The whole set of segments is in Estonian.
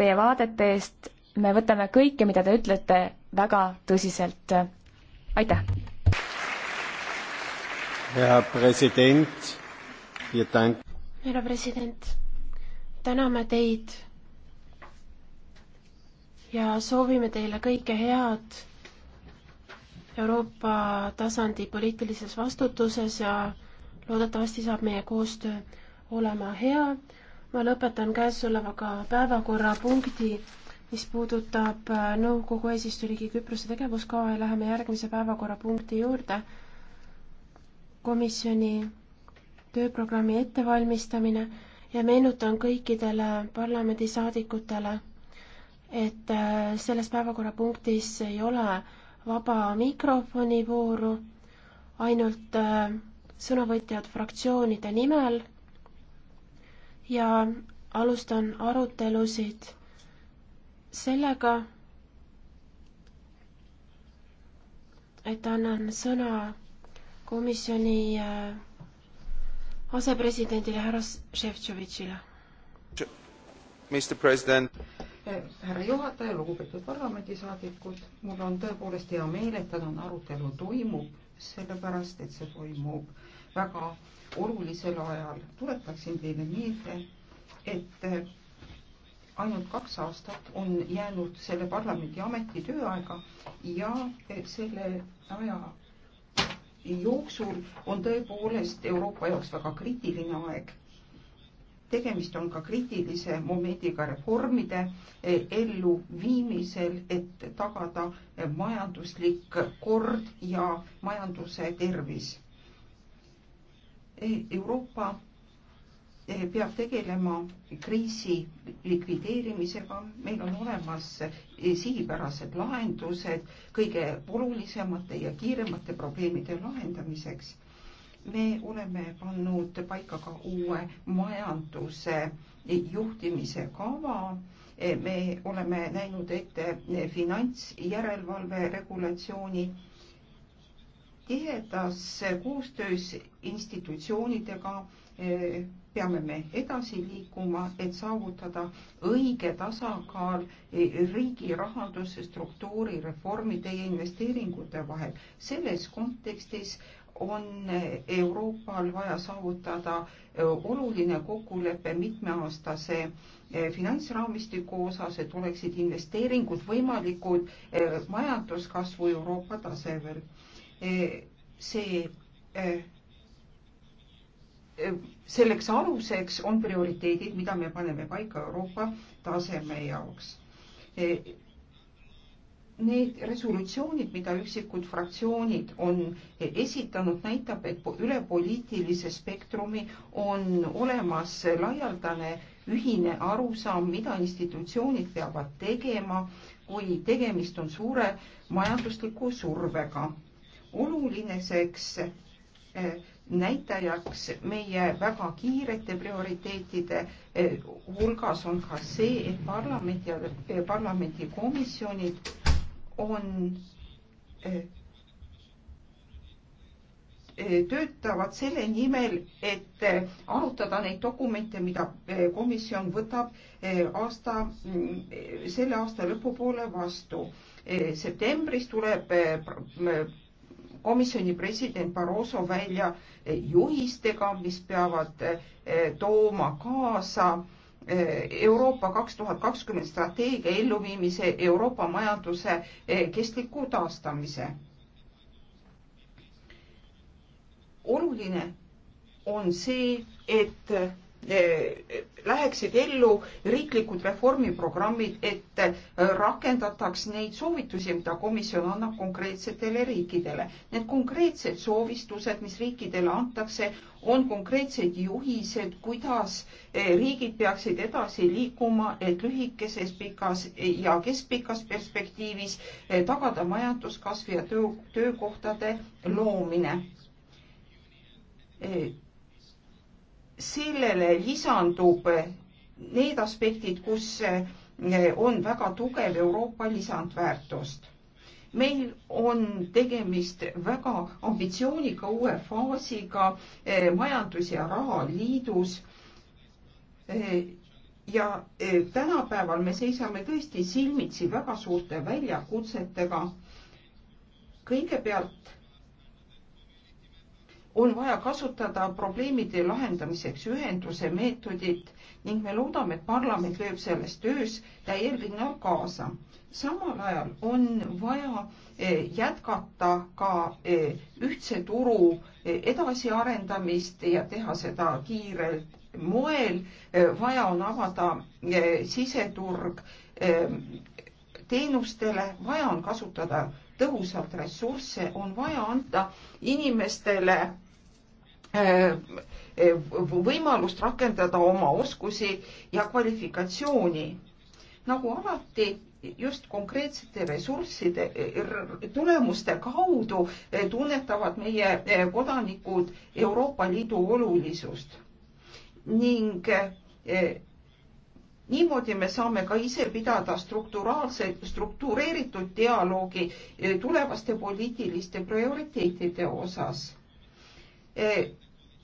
teie vaadete eest. me võtame kõike, mida te ütlete, väga tõsiselt. aitäh! härra president, härra president, täname teid ja soovime teile kõike head Euroopa tasandi poliitilises vastutuses ja loodetavasti saab meie koostöö olema hea ma lõpetan käesolevaga päevakorrapunkti, mis puudutab äh, nõukogu eesistujariigi Küprose tegevuskava ja läheme järgmise päevakorrapunkti juurde. komisjoni tööprogrammi ettevalmistamine ja meenutan kõikidele parlamendisaadikutele, et äh, selles päevakorrapunktis ei ole vaba mikrofoni vooru, ainult äh, sõnavõtjad fraktsioonide nimel ja alustan arutelusid sellega, et annan sõna komisjoni äh, asepresidendile härra Šefčovitšile. Äh, härra juhataja, lugupeetud parlamendisaadikud, mul on tõepoolest hea meel, et tänane arutelu toimub, sellepärast et see toimub äh, väga olulisel ajal. tuletaksin teile meelde, et ainult kaks aastat on jäänud selle parlamendi ameti tööaega ja selle aja jooksul on tõepoolest Euroopa jaoks väga kriitiline aeg. tegemist on ka kriitilise momendiga reformide elluviimisel, et tagada majanduslik kord ja majanduse tervis Eh, Euroopa eh, peab tegelema kriisi likvideerimisega, meil on olemas eh, sihipärased lahendused kõige olulisemate ja kiiremate probleemide lahendamiseks. me oleme pannud paika ka uue majanduse juhtimise kava, me oleme näinud ette finantsjärelevalve regulatsiooni tihedas koostöös institutsioonidega eh, peame me edasi liikuma, et saavutada õige tasakaal eh, riigi rahanduse struktuuri reformide ja investeeringute vahel. selles kontekstis on eh, Euroopal vaja saavutada oluline kokkulepe mitmeaastase finantsraamistiku osas, et oleksid investeeringud võimalikud majanduskasvu Euroopa tasemel Eh, see eh, eh, selleks aluseks on prioriteedid, mida me paneme paika Euroopa taseme jaoks. Need resolutsioonid, mida üksikud fraktsioonid on esitanud, näitab, et üle poliitilise spektrumi on olemas laialdane ühine arusaam, mida institutsioonid peavad tegema, kui tegemist on suure majandusliku survega oluliseks eh, näitajaks meie väga kiirete prioriteetide eh, hulgas on ka see, et parlament ja eh, parlamendikomisjonid on, töötavad selle nimel, et arutada neid dokumente, mida komisjon võtab aasta, mm, selle aasta lõpupoole vastu. septembris tuleb komisjoni president Barroso välja eh, juhistega, mis peavad eh, tooma kaasa eh, Euroopa kaks tuhat kakskümmend strateegia elluviimise, Euroopa majanduse kestliku taastamise. oluline on see, et Eh, läheksid ellu riiklikud reformiprogrammid, et eh, rakendataks neid soovitusi, mida komisjon annab konkreetsetele riikidele. Need konkreetsed soovistused, mis riikidele antakse, on konkreetsed juhised, kuidas eh, riigid peaksid edasi liikuma, et lühikeses, pikas ja keskpikas perspektiivis tagada majanduskasv ja töö, töökohtade loomine sellele lisandub need aspektid, kus eh, on väga tugev Euroopa lisandväärtust. meil on tegemist väga ambitsiooniga uue faasiga eh, majandus- ja rahaliidus. Eh, ja tänapäeval me seisame tõesti silmitsi väga suurte väljakutsetega. kõigepealt on vaja kasutada probleemide lahendamiseks ühenduse meetodit ning me loodame, et parlament lööb selles töös täiel rinnal kaasa. samal ajal on vaja eh, jätkata ka eh, ühtse turu eh, edasiarendamist ja teha seda kiirel moel. vaja on avada siseturg teenustele, vaja on kasutada tõhusalt ressursse on vaja anda inimestele eh, eh, võimalust rakendada oma oskusi ja kvalifikatsiooni. nagu alati, just konkreetsete ressursside eh, tulemuste kaudu tunnetavad meie kodanikud Euroopa Liidu olulisust ning niimoodi me saame ka ise pidada strukturaalse, struktureeritud dialoogi eh, tulevaste poliitiliste prioriteetide osas. Eh,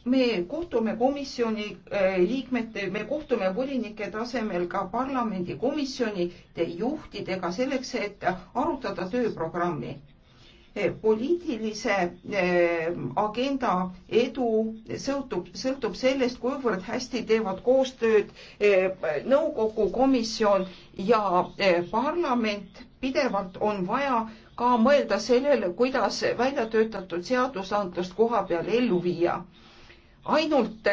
me kohtume komisjoni eh, liikmete, me kohtume volinike tasemel ka parlamendi komisjonide juhtidega selleks, et arutada tööprogrammi Eh, poliitilise eh, agenda edu sõltub, sõltub sellest, kuivõrd hästi teevad koostööd eh, nõukogu, komisjon ja parlament. pidevalt on vaja ka mõelda sellele, kuidas välja töötatud seadusandlust koha peal ellu viia. ainult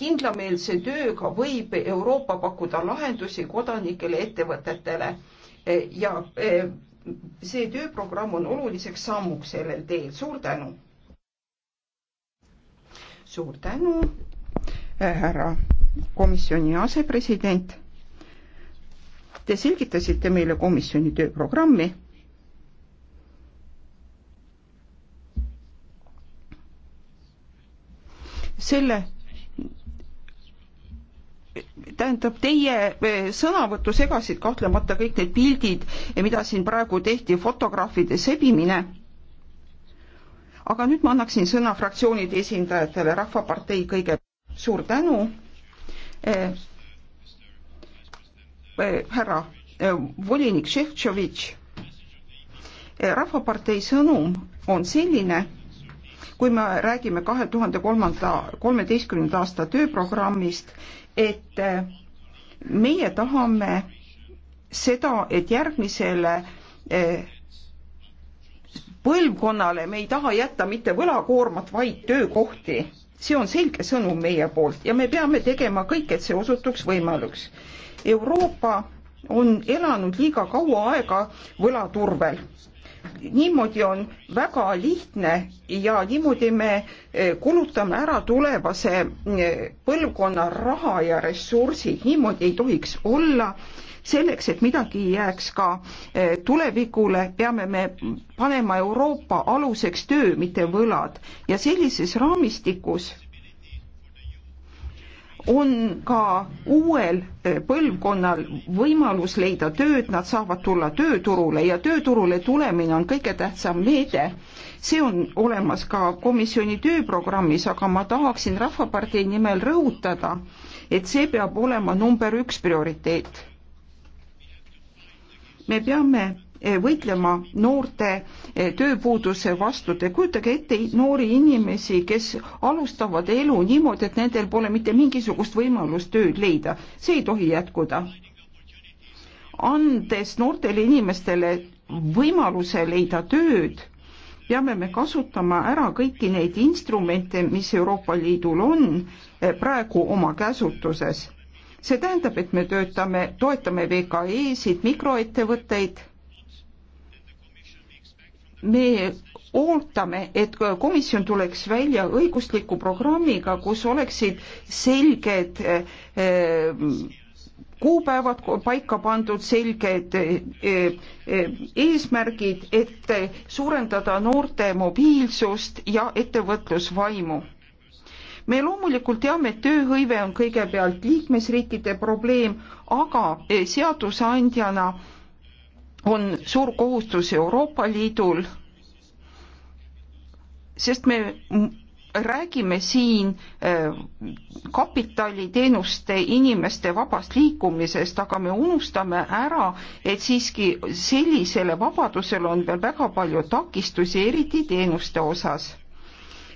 kindlameelse tööga võib Euroopa pakkuda lahendusi kodanikele, ettevõtetele ja see tööprogramm on oluliseks sammuks sellel teel. suur tänu. suur tänu, äh, härra komisjoni asepresident. Te selgitasite meile komisjoni tööprogrammi. selle tähendab, teie eh, sõnavõttu segasid kahtlemata kõik need pildid, eh, mida siin praegu tehti, fotograafide sebimine. aga nüüd ma annaksin sõna fraktsioonide esindajatele, Rahvapartei kõige suur tänu äh,. Äh, härra äh, volinik Šeftšovitš, Rahvapartei sõnum on selline kui me räägime kahe tuhande kolmanda, kolmeteistkümnenda aasta tööprogrammist, et meie tahame seda, et järgmisele eh, põlvkonnale me ei taha jätta mitte võlakoormat, vaid töökohti. see on selge sõnum meie poolt ja me peame tegema kõik, et see osutuks võimaluks. Euroopa on elanud liiga kaua aega võlaturvel niimoodi on väga lihtne ja niimoodi me eh, kulutame ära tulevase eh, põlvkonna raha ja ressursid, niimoodi ei tohiks olla. selleks, et midagi ei jääks ka eh, tulevikule, peame me panema Euroopa aluseks töö, mitte võlad ja sellises raamistikus on ka uuel eh, põlvkonnal võimalus leida tööd, nad saavad tulla tööturule ja tööturule tulemine on kõige tähtsam meede. see on olemas ka komisjoni tööprogrammis, aga ma tahaksin Rahvapartei nimel rõhutada, et see peab olema number üks prioriteet. me peame Eh, võitlema noorte eh, tööpuuduse vastu. Te kujutage ette noori inimesi, kes alustavad elu niimoodi, et nendel pole mitte mingisugust võimalust tööd leida. see ei tohi jätkuda. andes noortele inimestele võimaluse leida tööd, peame me kasutama ära kõiki neid instrumente, mis Euroopa Liidul on eh, praegu oma käsutuses see tähendab, et me töötame, toetame VKE-sid, mikroettevõtteid me ootame, et komisjon tuleks välja õigusliku programmiga, kus oleksid selged eh, kuupäevad paika pandud, selged eh, eh, eesmärgid, et suurendada noorte mobiilsust ja ettevõtlusvaimu me loomulikult teame, et tööhõive on kõigepealt liikmesriikide probleem, aga seadusandjana on suur kohustus Euroopa Liidul, sest me räägime siin äh, kapitaliteenuste inimeste vabast liikumisest, aga me unustame ära, et siiski sellisele vabadusele on veel väga palju takistusi, eriti teenuste osas.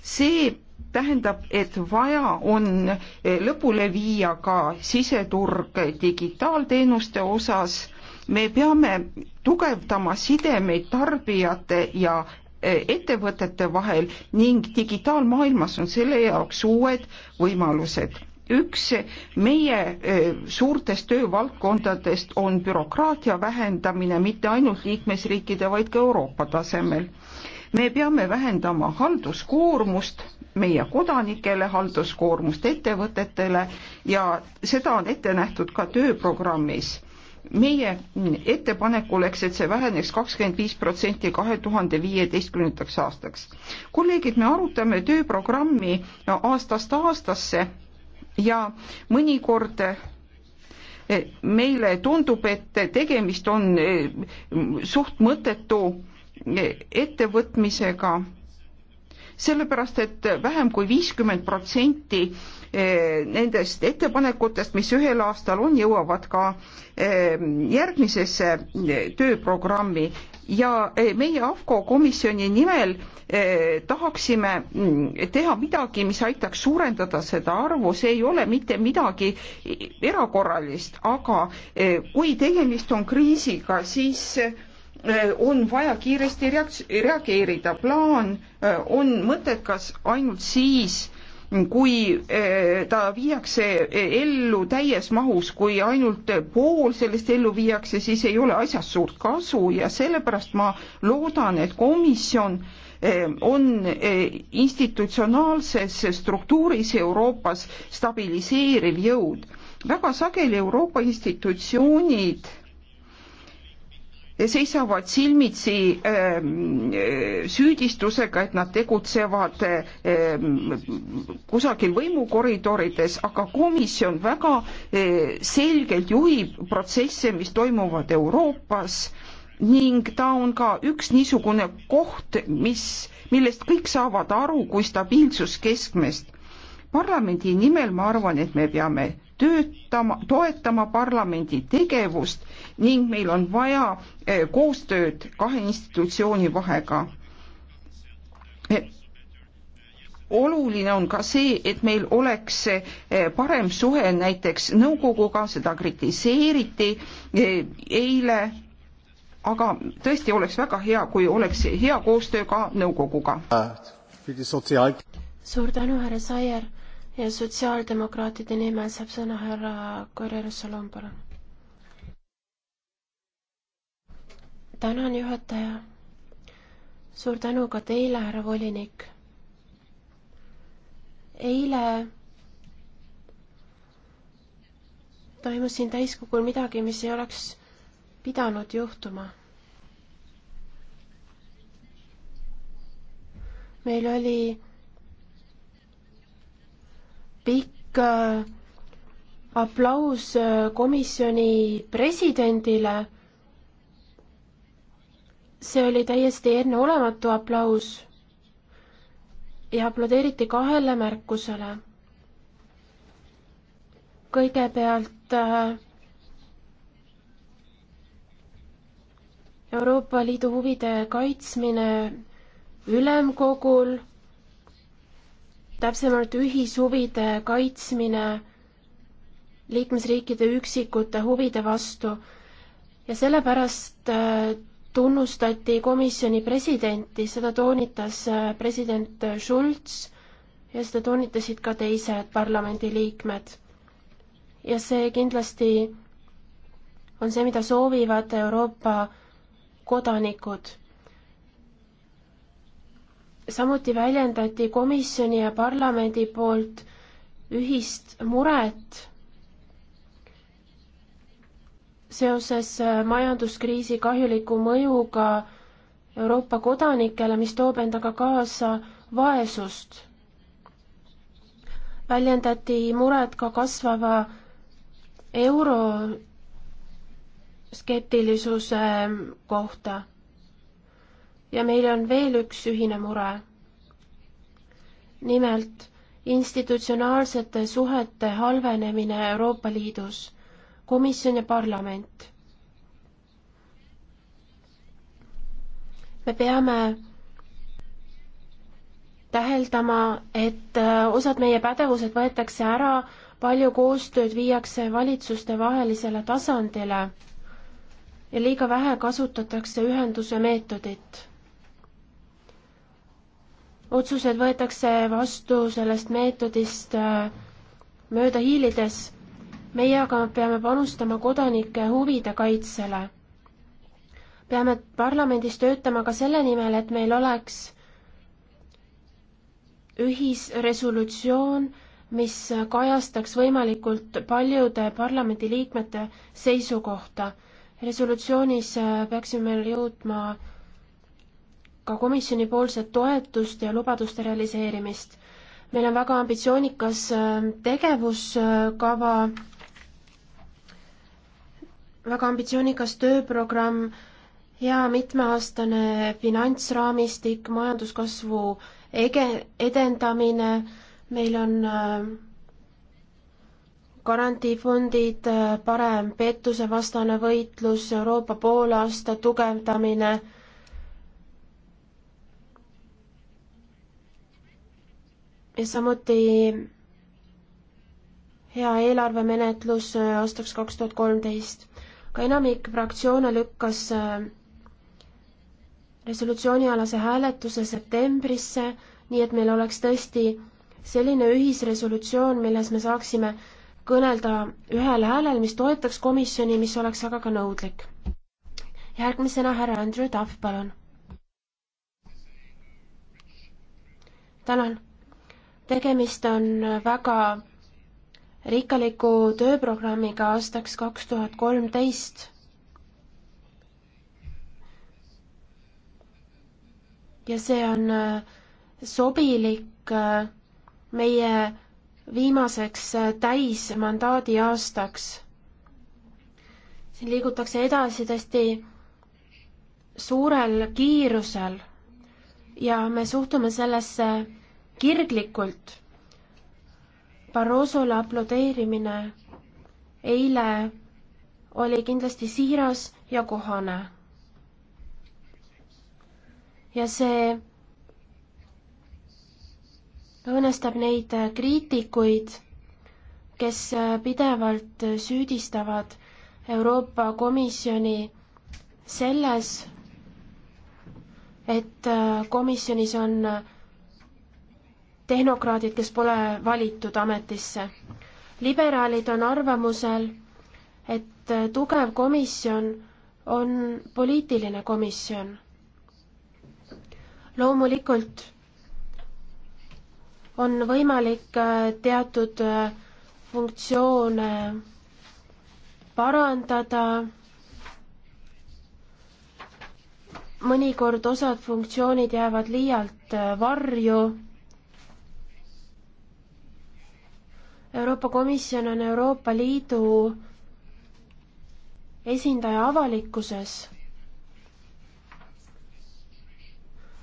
see tähendab, et vaja on äh, lõpule viia ka siseturg digitaalteenuste osas me peame tugevdama sidemeid tarbijate ja e, ettevõtete vahel ning digitaalmaailmas on selle jaoks uued võimalused. üks meie e, suurtest töövaldkondadest on bürokraatia vähendamine mitte ainult liikmesriikide, vaid ka Euroopa tasemel. me peame vähendama halduskoormust meie kodanikele, halduskoormust ettevõtetele ja seda on ette nähtud ka tööprogrammis meie ettepanek oleks, et see väheneks kakskümmend viis protsenti kahe tuhande viieteistkümnendaks aastaks. kolleegid, me arutame tööprogrammi aastast aastasse ja mõnikord eh, meile tundub, et tegemist on eh, suht mõttetu eh, ettevõtmisega sellepärast et vähem kui viiskümmend protsenti eh, nendest ettepanekutest, mis ühel aastal on, jõuavad ka eh, järgmisesse eh, tööprogrammi ja meie AFCO komisjoni nimel tahaksime mm, teha midagi, mis aitaks suurendada seda arvu, see ei ole mitte midagi erakorralist, aga kui tegemist on kriisiga, siis Äh, on vaja kiiresti reageerida. plaan äh, on mõttekas ainult siis, kui äh, ta viiakse ellu täies mahus, kui ainult pool sellest ellu viiakse, siis ei ole asjast suurt kasu ja sellepärast ma loodan, et komisjon on institutsionaalses struktuuris Euroopas stabiliseeriv jõud. väga sageli Euroopa institutsioonid seisavad silmitsi ähm, äh, süüdistusega, et nad tegutsevad ähm, kusagil võimukoridorides, aga komisjon väga äh, selgelt juhib protsesse, mis toimuvad Euroopas ning ta on ka üks niisugune koht, mis, millest kõik saavad aru kui stabiilsuskeskmest. parlamendi nimel ma arvan, et me peame töötama, toetama parlamendi tegevust ning meil on vaja eh, koostööd kahe institutsiooni vahega. Eh, oluline on ka see, et meil oleks eh, parem suhe näiteks nõukoguga, seda kritiseeriti eile, aga tõesti oleks väga hea, kui oleks hea koostöö ka nõukoguga. Äh, suur tänu, härra Saier ja sotsiaaldemokraatide nimel saab sõna härra Correro Salom, palun. tänan, juhataja. suur tänu ka teile, härra volinik. eile toimus siin täiskogul midagi, mis ei oleks pidanud juhtuma. meil oli pikk äh, aplaus äh, komisjoni presidendile. see oli täiesti enneolematu aplaus ja aplodeeriti kahele märkusele. kõigepealt äh, Euroopa Liidu huvide kaitsmine ülemkogul täpsemalt ühishuvide kaitsmine liikmesriikide üksikute huvide vastu ja sellepärast äh, tunnustati komisjoni presidenti, seda toonitas äh, president Schulz ja seda toonitasid ka teised parlamendiliikmed. ja see kindlasti on see, mida soovivad Euroopa kodanikud samuti väljendati komisjoni ja parlamendi poolt ühist muret seoses äh, majanduskriisi kahjuliku mõjuga Euroopa kodanikele, mis toob endaga kaasa vaesust. väljendati muret ka kasvava euroskeptilisuse kohta ja meil on veel üks ühine mure. nimelt institutsionaalsete suhete halvenemine Euroopa Liidus, komisjon ja parlament. me peame täheldama, et äh, osad meie pädevused võetakse ära, palju koostööd viiakse valitsuste vahelisele tasandile ja liiga vähe kasutatakse ühenduse meetodit otsused võetakse vastu sellest meetodist äh, mööda hiilides. meie aga peame panustama kodanike huvide kaitsele. peame parlamendis töötama ka selle nimel, et meil oleks ühisresolutsioon, mis kajastaks võimalikult paljude parlamendiliikmete seisukohta. resolutsioonis äh, peaksime jõudma ka komisjonipoolset toetust ja lubaduste realiseerimist. meil on väga ambitsioonikas äh, tegevuskava, väga ambitsioonikas tööprogramm, hea mitmeaastane finantsraamistik, majanduskasvu ege-, edendamine, meil on äh, garantiifondid, äh, parem pettusevastane võitlus, Euroopa poolaasta tugevdamine ja samuti hea eelarvemenetlus äh, aastaks kaks tuhat kolmteist. ka enamik fraktsioone lükkas äh, resolutsioonialase hääletuse septembrisse, nii et meil oleks tõesti selline ühisresolutsioon, milles me saaksime kõnelda ühel häälel, mis toetaks komisjoni, mis oleks aga ka nõudlik. järgmisena härra Andrew Duff, palun. tänan tegemist on väga rikkaliku tööprogrammiga aastaks kaks tuhat kolmteist. ja see on äh, sobilik äh, meie viimaseks äh, täismandaadi aastaks. siin liigutakse edasi tõesti suurel kiirusel ja me suhtume sellesse kirglikult. Barrosole aplodeerimine eile oli kindlasti siiras ja kohane. ja see õõnestab neid kriitikuid, kes pidevalt süüdistavad Euroopa Komisjoni selles, et komisjonis on tehnokraadid, kes pole valitud ametisse. liberaalid on arvamusel, et tugev komisjon on poliitiline komisjon. loomulikult on võimalik äh, teatud äh, funktsioone parandada, mõnikord osad funktsioonid jäävad liialt äh, varju Euroopa Komisjon on Euroopa Liidu esindaja avalikkuses.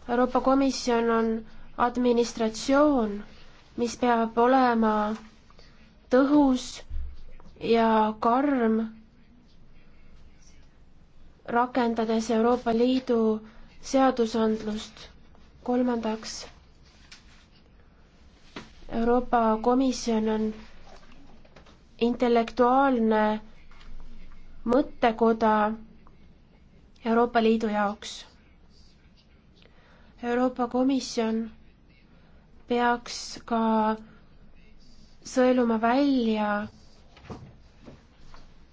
Euroopa Komisjon on administratsioon, mis peab olema tõhus ja karm, rakendades Euroopa Liidu seadusandlust. kolmandaks Euroopa Komisjon on intellektuaalne mõttekoda Euroopa Liidu jaoks. Euroopa Komisjon peaks ka sõeluma välja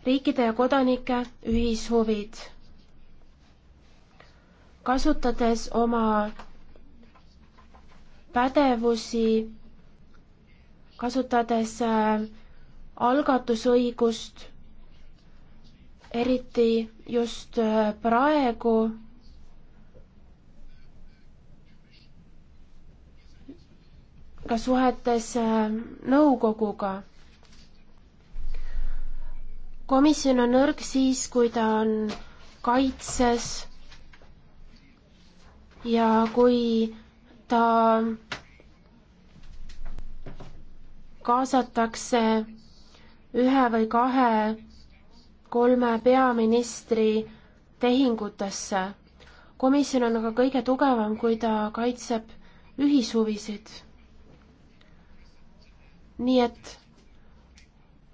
riikide ja kodanike ühishuvid. kasutades oma pädevusi kasutades äh, algatusõigust, eriti just äh, praegu ka suhetes äh, nõukoguga. komisjon on nõrk siis, kui ta on kaitses ja kui ta kaasatakse ühe või kahe kolme peaministri tehingutesse. komisjon on aga kõige tugevam, kui ta kaitseb ühishuvisid. nii et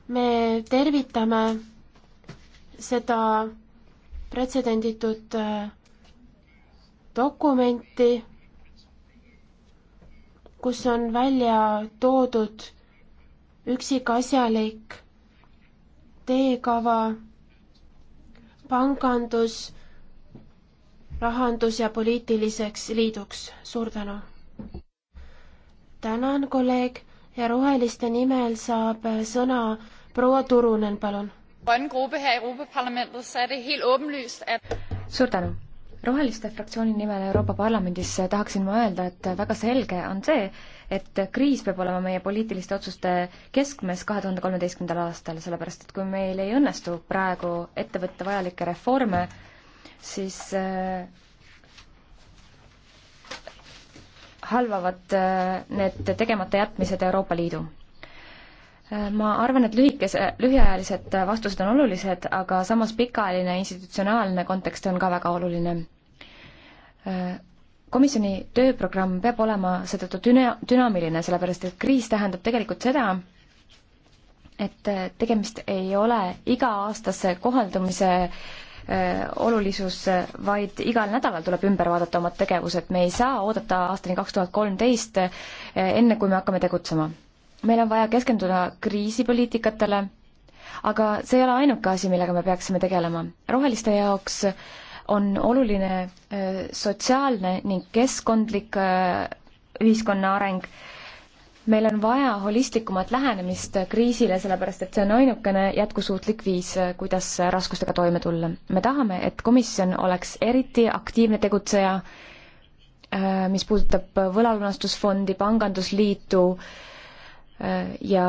me tervitame seda pretsedenditut äh, dokumenti, kus on välja toodud üksikasjalik teekava pangandus, rahandus ja poliitiliseks liiduks. suur tänu! tänan, kolleeg ja Roheliste nimel saab sõna proua Turunen, palun. Er suur tänu! roheliste fraktsiooni nimel Euroopa Parlamendis tahaksin ma öelda, et väga selge on see, et kriis peab olema meie poliitiliste otsuste keskmes kahe tuhande kolmeteistkümnendal aastal, sellepärast et kui meil ei õnnestu praegu ette võtta vajalikke reforme, siis äh, halvavad äh, need tegemata jätmised Euroopa Liidu äh, ma arvan, et lühikese, lühiajalised vastused on olulised, aga samas pikaajaline institutsionaalne kontekst on ka väga oluline komisjoni tööprogramm peab olema seetõttu düna-, dünaamiline, sellepärast et kriis tähendab tegelikult seda, et äh, tegemist ei ole iga-aastase kohaldumise äh, olulisus, vaid igal nädalal tuleb ümber vaadata omad tegevused, me ei saa oodata aastani kaks tuhat kolmteist, äh, enne kui me hakkame tegutsema. meil on vaja keskenduda kriisipoliitikatele, aga see ei ole ainuke asi, millega me peaksime tegelema. roheliste jaoks äh, on oluline äh, sotsiaalne ning keskkondlik äh, ühiskonna areng. meil on vaja holistlikumat lähenemist kriisile, sellepärast et see on ainukene jätkusuutlik viis, äh, kuidas raskustega toime tulla. me tahame, et komisjon oleks eriti aktiivne tegutseja, mis puudutab võlalunastusfondi, pangandusliitu ja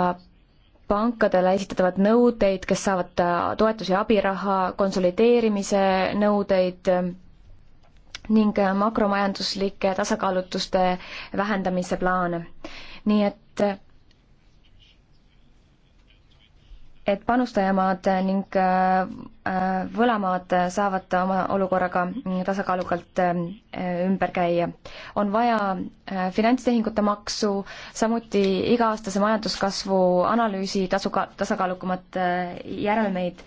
pankadele esitatavad nõudeid, kes saavad äh, toetusi ja abiraha, konsolideerimise nõudeid äh, ning äh, makromajanduslike tasakaalutuste vähendamise plaane. nii et et panustajamaad ning äh, äh, võlamaad saavad oma olukorraga tasakaalukalt äh, ümber käia. on vaja finantstehingute maksu, samuti iga-aastase majanduskasvu analüüsi tasuka-, tasakaalukamat järelmeid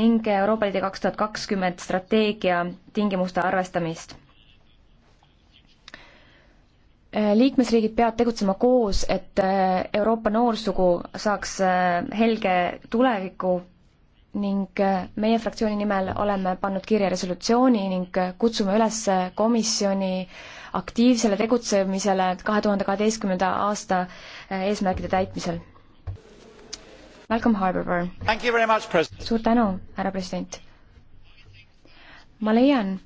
ning Euroopa Liidu kaks tuhat kakskümmend strateegia tingimuste arvestamist Äh, liikmesriigid peavad tegutsema koos, et äh, Euroopa noorsugu saaks äh, helge tuleviku ning meie fraktsiooni nimel oleme pannud kirja resolutsiooni ning kutsume üles komisjoni aktiivsele tegutsemisele kahe tuhande kaheteistkümnenda aasta eesmärkide täitmisel. Malcolm Harbour. suur tänu, härra president. ma leian,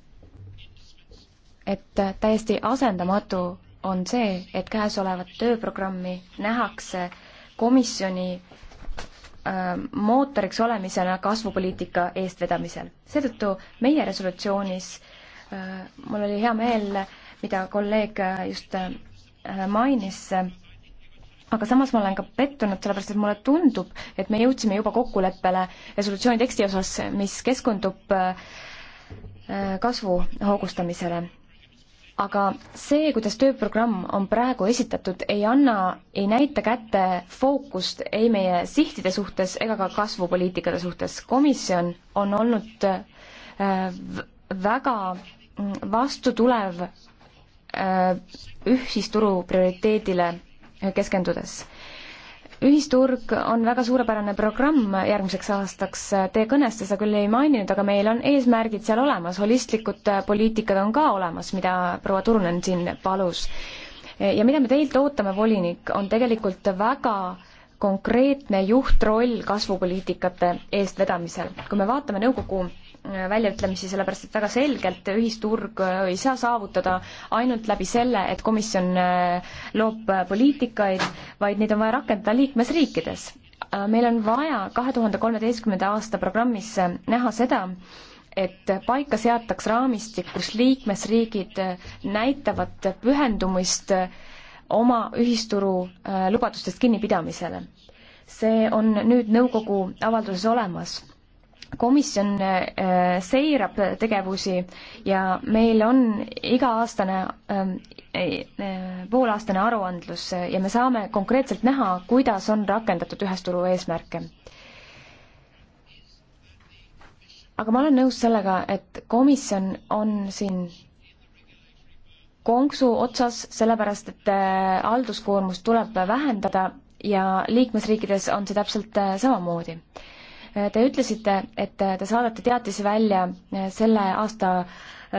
et täiesti asendamatu on see, et käesolevat tööprogrammi nähakse komisjoni äh, mootoriks olemisena kasvupoliitika eestvedamisel. seetõttu meie resolutsioonis, äh, mul oli hea meel, mida kolleeg just äh, mainis, aga samas ma olen ka pettunud, sellepärast et mulle tundub, et me jõudsime juba kokkuleppele resolutsiooni teksti osas, mis keskendub kasvu hoogustamisele aga see, kuidas tööprogramm on praegu esitatud, ei anna, ei näita kätte fookust ei meie sihtide suhtes ega ka kasvupoliitikade suhtes. komisjon on olnud äh, väga mm, vastutulev äh, ühisturu prioriteedile keskendudes ühisturg on väga suurepärane programm järgmiseks aastaks, teie kõnes te seda küll ei maininud, aga meil on eesmärgid seal olemas, holistlikud poliitikad on ka olemas, mida proua Turunen siin palus. ja mida me teilt ootame, volinik, on tegelikult väga konkreetne juhtroll kasvupoliitikate eestvedamisel. kui me vaatame nõukogu väljaütlemisi, sellepärast et väga selgelt ühisturg äh, ei saa saavutada ainult läbi selle, et komisjon äh, loob äh, poliitikaid, vaid neid on vaja rakendada liikmesriikides. meil on vaja kahe tuhande kolmeteistkümnenda aasta programmis näha seda, et paika seataks raamistik, kus liikmesriigid näitavad pühendumist oma ühisturu lubadustest kinnipidamisele. see on nüüd nõukogu avalduses olemas komisjon äh, seirab tegevusi ja meil on iga-aastane, ähm, äh, poolaastane aruandlus ja me saame konkreetselt näha, kuidas on rakendatud ühesturu eesmärke. aga ma olen nõus sellega, et komisjon on siin konksu otsas, sellepärast et äh, halduskoormust tuleb vähendada ja liikmesriikides on see täpselt samamoodi Te ütlesite, et te saadate teatise välja eh, selle aasta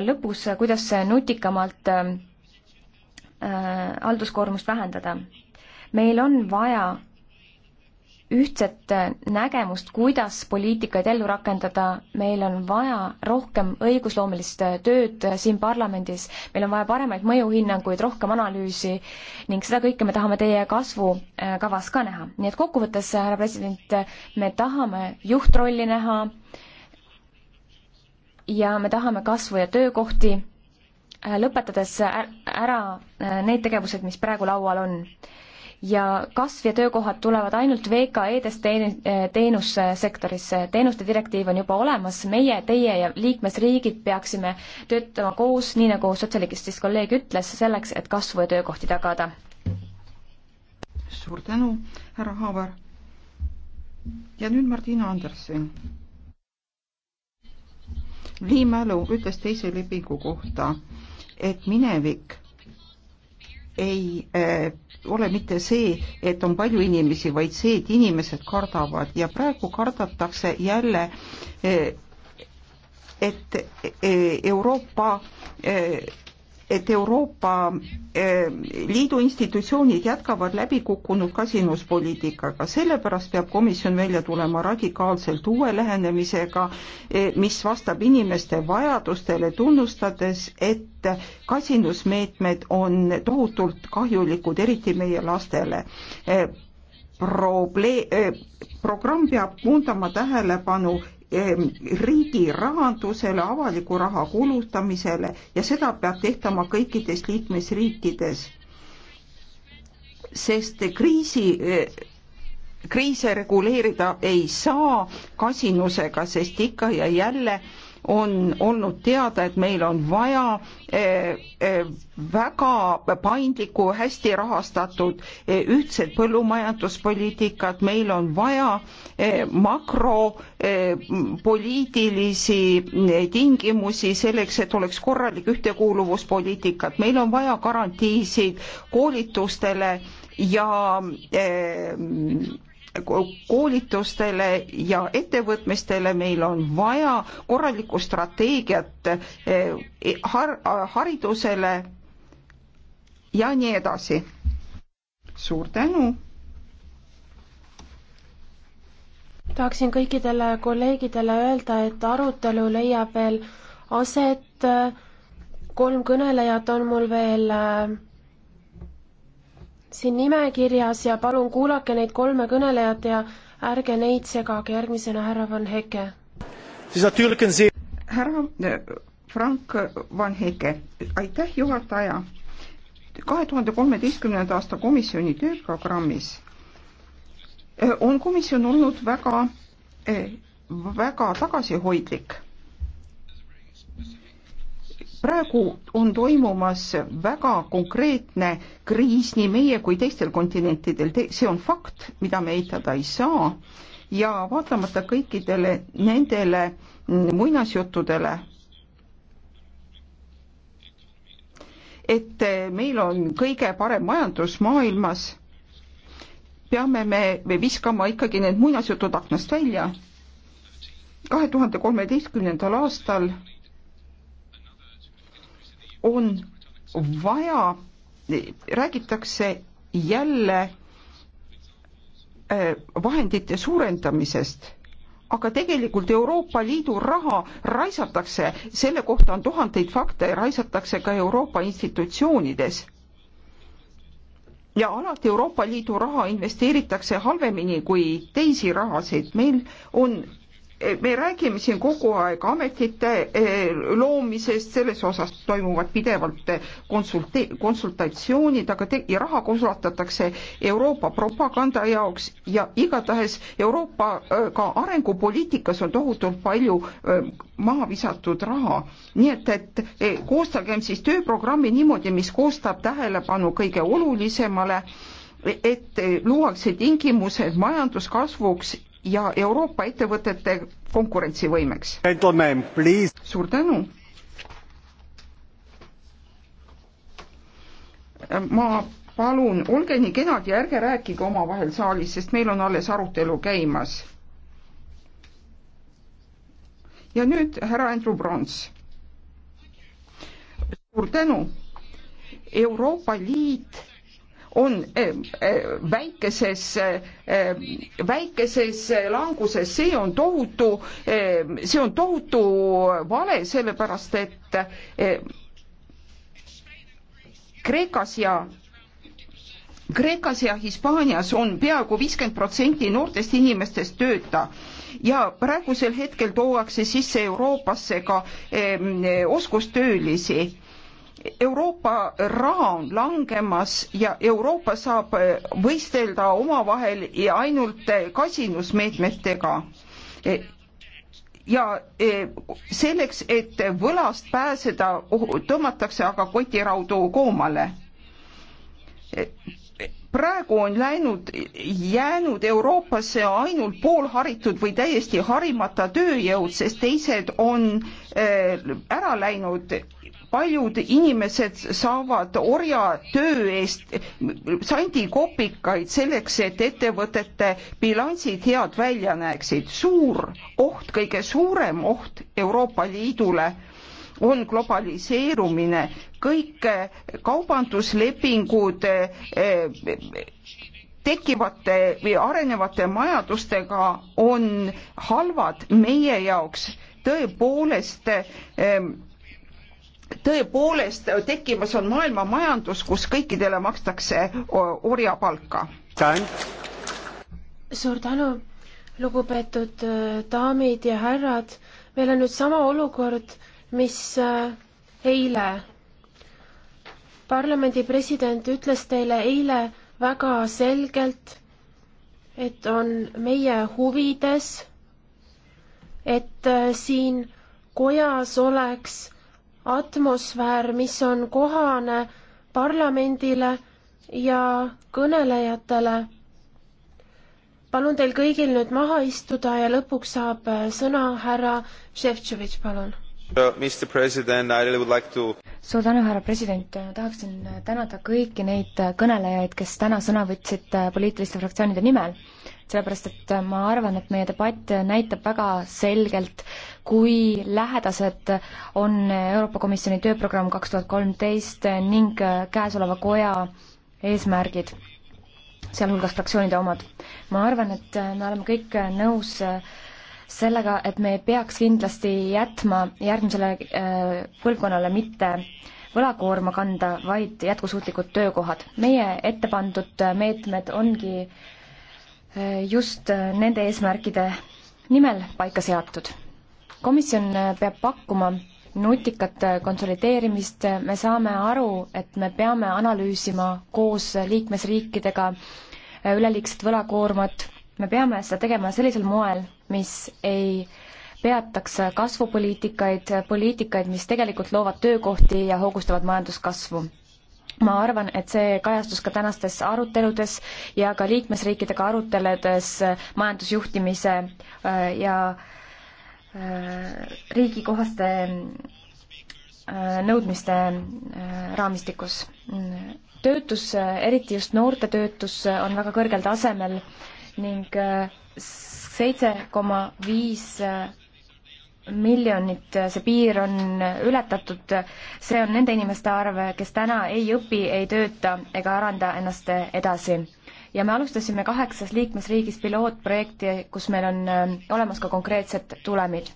lõpus, kuidas nutikamalt eh, halduskoormust vähendada. meil on vaja ühtset nägemust, kuidas poliitikaid ellu rakendada, meil on vaja rohkem õigusloomelist tööd siin parlamendis, meil on vaja paremaid mõjuhinnanguid, rohkem analüüsi ning seda kõike me tahame teie kasvukavas ka näha. nii et kokkuvõttes, härra president, me tahame juhtrolli näha ja me tahame kasvu ja töökohti, äh, lõpetades ära äh, need tegevused, mis praegu laual on ja kasv ja töökohad tulevad ainult VKE-des teen-, teenussektorisse. teenuste direktiiv on juba olemas, meie, teie ja liikmesriigid peaksime töötama koos, nii nagu sotsialistist kolleeg ütles, selleks, et kasvu ja töökohti tagada. suur tänu, härra Haaber. ja nüüd Martina Andersen. Lii Mälu ütles teise lepingu kohta, et minevik ei äh, ole mitte see, et on palju inimesi, vaid see, et inimesed kardavad ja praegu kardetakse jälle, äh, et äh, Euroopa et Euroopa eh, Liidu institutsioonid jätkavad läbikukkunud kasinuspoliitikaga, sellepärast peab komisjon välja tulema radikaalselt uue lähenemisega, eh, mis vastab inimeste vajadustele, tunnustades, et kasinusmeetmed on tohutult kahjulikud, eriti meie lastele eh, probleem, programm peab muundama tähelepanu riigi rahandusele, avaliku raha kulutamisele ja seda peab tehtama kõikides liikmesriikides. sest kriisi, eh, kriise reguleerida ei saa kasinusega, sest ikka ja jälle äh, on olnud teada, et meil on vaja eh, eh, väga paindlikku, hästi rahastatud eh, ühtset põllumajanduspoliitikat, meil on vaja makropoliitilisi tingimusi selleks, et oleks korralik ühtekuuluvuspoliitikat, meil on vaja garantiisid koolitustele ja koolitustele ja ettevõtmistele, meil on vaja korralikku strateegiat eh, eh, har-, eh, haridusele ja nii edasi. suur tänu! tahaksin kõikidele kolleegidele öelda, et arutelu leiab veel aset, kolm kõnelejat on mul veel siin nimekirjas ja palun kuulake neid kolme kõnelejat ja ärge neid segage, järgmisena härra Van Heke. härra äh, Frank Van Heke, aitäh juhataja. kahe tuhande kolmeteistkümnenda aasta komisjoni tööprogrammis äh, on komisjon olnud väga, äh, väga tagasihoidlik praegu on toimumas väga konkreetne kriis nii meie kui teistel kontinentidel, see on fakt, mida me eitada ei saa ja vaatamata kõikidele nendele muinasjuttudele, et meil on kõige parem majandus maailmas, peame me viskama ikkagi need muinasjutud aknast välja. kahe tuhande kolmeteistkümnendal aastal on vaja, räägitakse jälle äh, vahendite suurendamisest, aga tegelikult Euroopa Liidu raha raisatakse, selle kohta on tuhandeid fakte, raisatakse ka Euroopa institutsioonides. ja alati Euroopa Liidu raha investeeritakse halvemini kui teisi rahasid, meil on Eh, me räägime siin kogu aeg ametite eh, loomisest, selles osas toimuvad pidevalt eh, konsulte-, konsultatsioonid, aga te-, ja raha kasutatakse Euroopa propaganda jaoks ja igatahes Euroopa ka arengupoliitikas on tohutult palju maha visatud raha. nii et, et koostagem siis tööprogrammi niimoodi, mis koostab tähelepanu kõige olulisemale et luuakse tingimused majanduskasvuks ja Euroopa ettevõtete konkurentsivõimeks. suur tänu. ma palun, olge nii kenad ja ärge rääkige omavahel saalis, sest meil on alles arutelu käimas. ja nüüd härra Andrew Brons. suur tänu. Euroopa Liit on eh, eh, väikeses, eh, väikeses languses, see on tohutu, see on tohutu vale, sellepärast et Kreekas ja Kreekas ja Hispaanias on peaaegu viiskümmend protsenti noortest inimestest tööta ja praegusel hetkel tuuakse sisse Euroopasse ka eh, oskustöölisi Euroopa raha on langemas ja Euroopa saab eh, võistelda omavahel ja ainult eh, kasinusmeetmetega eh, ja selleks, et võlast pääseda, oh, tõmmatakse aga kotiraudu koomale. praegu on läinud, jäänud Euroopasse ainult poolharitud või täiesti harimata tööjõud, sest teised on ära läinud paljud inimesed saavad orjatöö eest sandikopikaid selleks, et ettevõtete bilansid head välja näeksid. suur oht, kõige suurem oht Euroopa Liidule on globaliseerumine, kõik eh, kaubanduslepingud eh, tekivate või arenevate majandustega on halvad meie jaoks tõepoolest eh, tõepoolest tekkimas on maailma majandus, kus kõikidele makstakse orjapalka. suur tänu, lugupeetud äh, daamid ja härrad. meil on nüüd sama olukord, mis äh, eile. parlamendi president ütles teile eile väga selgelt, et on meie huvides, et äh, siin kojas oleks atmosfäär, mis on kohane parlamendile ja kõnelejatele. palun teil kõigil nüüd maha istuda ja lõpuks saab äh, sõna härra Šefčovitš, palun. Like to... suur tänu, härra president, tahaksin tänada kõiki neid kõnelejaid, kes täna sõna võtsid äh, poliitiliste fraktsioonide nimel sellepärast et ma arvan, et meie debatt näitab väga selgelt, kui lähedased on Euroopa Komisjoni tööprogramm kaks tuhat kolmteist ning käesoleva koja eesmärgid, sealhulgas fraktsioonide omad. ma arvan, et me oleme kõik nõus sellega, et me ei peaks kindlasti jätma järgmisele äh, põlvkonnale mitte võlakoorma kanda, vaid jätkusuutlikud töökohad. meie ette pandud meetmed ongi just nende eesmärkide nimel paika seatud. komisjon peab pakkuma nutikat konsolideerimist, me saame aru, et me peame analüüsima koos liikmesriikidega üleliigset võlakoormat, me peame seda tegema sellisel moel, mis ei peataks kasvupoliitikaid, poliitikaid, mis tegelikult loovad töökohti ja hoogustavad majanduskasvu ma arvan, et see kajastus ka tänastes aruteludes ja ka liikmesriikidega aruteludes majandusjuhtimise äh, ja äh, riigikohaste äh, nõudmiste raamistikus. töötus, eriti just noorte töötus, on väga kõrgel tasemel ning seitse koma viis miljonit see piir on ületatud, see on nende inimeste arv, kes täna ei õpi, ei tööta ega arenda ennast edasi. ja me alustasime kaheksas liikmesriigis pilootprojekti, kus meil on ähm, olemas ka konkreetsed tulemid.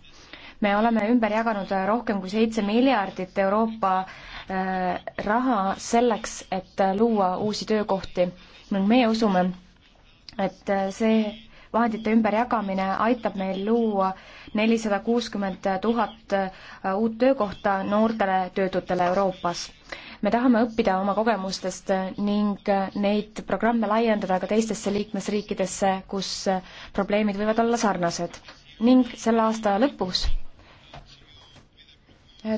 me oleme ümber jaganud rohkem kui seitse miljardit Euroopa äh, raha selleks, et äh, luua uusi töökohti ning meie usume, et äh, see vahendite ümberjagamine aitab meil luua äh, nelisada kuuskümmend tuhat äh, uut töökohta noortele töötutele Euroopas. me tahame õppida oma kogemustest äh, ning äh, neid programme laiendada ka teistesse liikmesriikidesse, kus probleemid võivad olla sarnased. ning selle aasta lõpus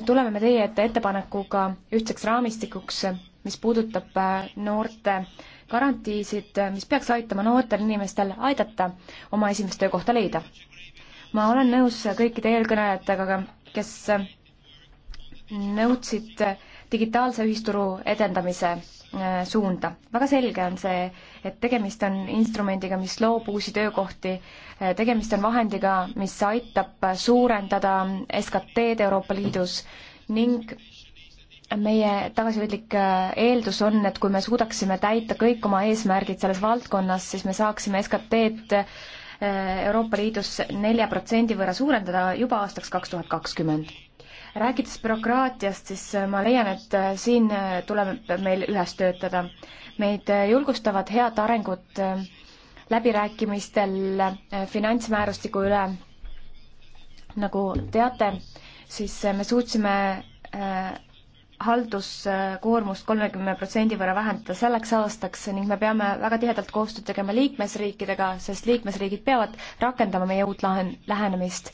tuleme me teie ette ettepanekuga ühtseks raamistikuks, mis puudutab noorte garantiisid, mis peaks aitama noortel inimestel aidata oma esimest töökohta leida ma olen nõus kõikide eelkõnelejatega, kes nõudsid digitaalse ühisturu edendamise äh, suunda. väga selge on see, et tegemist on instrumendiga, mis loob uusi töökohti, äh, tegemist on vahendiga, mis aitab suurendada SKT-d Euroopa Liidus ning meie tagasihoidlik äh, eeldus on, et kui me suudaksime täita kõik oma eesmärgid selles valdkonnas, siis me saaksime SKT-d Eh, Euroopa Liidus nelja protsendi võrra suurendada juba aastaks kaks tuhat kakskümmend. rääkides bürokraatiast, siis eh, ma leian, et eh, siin tuleb meil ühes töötada. meid julgustavad head arengud läbirääkimistel finantsmäärustiku üle. nagu teate, siis me suutsime halduskoormust kolmekümne protsendi võrra vähendada selleks aastaks ning me peame väga tihedalt koostööd tegema liikmesriikidega, sest liikmesriigid peavad rakendama meie uut lahen-, lähenemist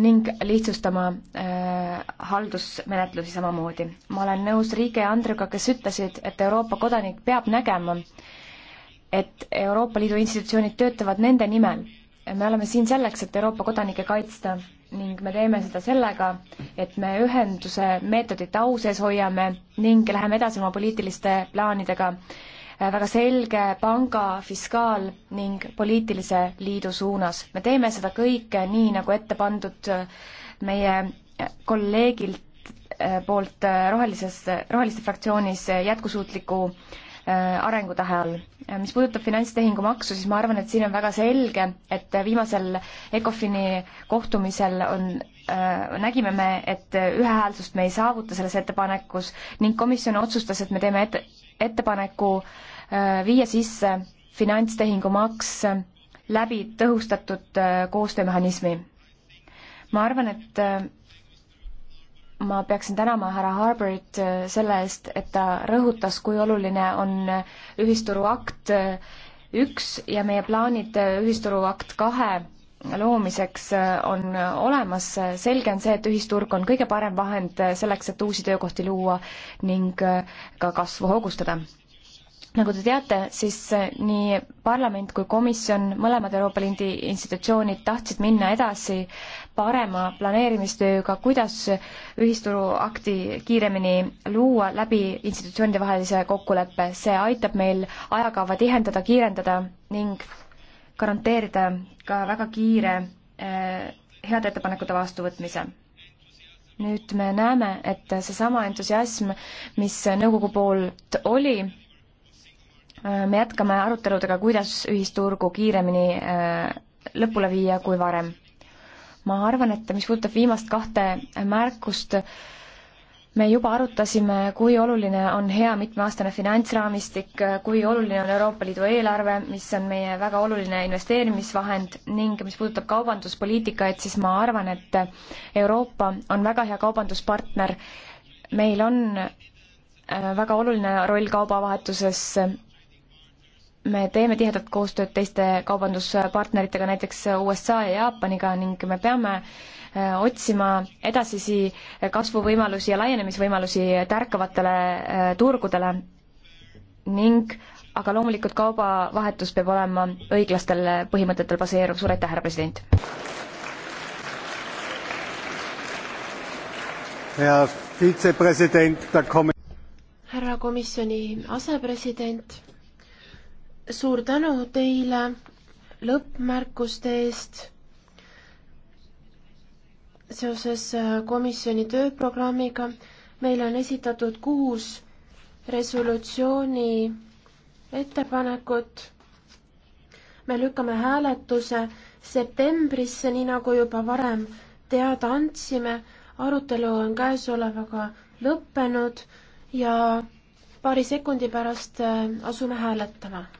ning lihtsustama äh, haldusmenetlusi samamoodi. ma olen nõus Riike ja Andrega, kes ütlesid, et Euroopa kodanik peab nägema, et Euroopa Liidu institutsioonid töötavad nende nimel me oleme siin selleks, et Euroopa kodanikke kaitsta ning me teeme seda sellega, et me ühenduse meetodit au sees hoiame ning läheme edasi oma poliitiliste plaanidega väga selge panga, fiskaal ning poliitilise liidu suunas. me teeme seda kõike nii, nagu ette pandud meie kolleegilt poolt rohelises, roheliste fraktsioonis jätkusuutliku äh, Äh, arengutähe all. Äh, mis puudutab finantstehingumaksu, siis ma arvan, et siin on väga selge, et äh, viimasel ECOFIN-i kohtumisel on nägime me, et ühehäälsust me ei saavuta selles ettepanekus ning komisjon otsustas, et me teeme ette, ettepaneku viia sisse finantstehingumaks läbi tõhustatud koostöömehhanismi. ma arvan, et ma peaksin tänama härra Harbert äh, selle eest, et ta rõhutas, kui oluline on äh, ühisturu akt äh, üks ja meie plaanid ühisturu akt kahe loomiseks on olemas. selge on see, et ühisturg on kõige parem vahend selleks, et uusi töökohti luua ning ka kasvu hoogustada nagu te teate, siis eh, nii parlament kui komisjon, mõlemad Euroopa Liidu institutsioonid tahtsid minna edasi parema planeerimistööga, kuidas ühisturuakti kiiremini luua läbi institutsioonide vahelise kokkuleppe. see aitab meil ajakava tihendada, kiirendada ning garanteerida ka väga kiire eh, heade ettepanekute vastuvõtmise nüüd me näeme, et seesama entusiasm, mis nõukogu poolt oli, Äh, me jätkame aruteludega, kuidas ühisturgu kiiremini äh, lõpule viia kui varem. ma arvan, et mis puudutab viimast kahte märkust, me juba arutasime, kui oluline on hea mitmeaastane finantsraamistik, kui oluline on Euroopa Liidu eelarve, mis on meie väga oluline investeerimisvahend ning mis puudutab kaubanduspoliitikaid, siis ma arvan, et Euroopa on väga hea kaubanduspartner. meil on äh, väga oluline roll kaubavahetuses me teeme tihedat koostööd teiste kaubanduspartneritega, näiteks USA ja Jaapaniga ning me peame äh, otsima edasisi kasvuvõimalusi ja laienemisvõimalusi tärkavatele äh, turgudele ning aga loomulikult kaubavahetus peab olema õiglastel põhimõtetel baseeruv, suur aitäh, härra president! härra komisjoni asepresident suur tänu teile lõppmärkuste eest seoses äh, komisjoni tööprogrammiga. meile on esitatud kuus resolutsiooni ettepanekut. me lükkame hääletuse septembrisse, nii nagu juba varem teada andsime. arutelu on käesolevaga lõppenud ja paari sekundi pärast äh, asume hääletama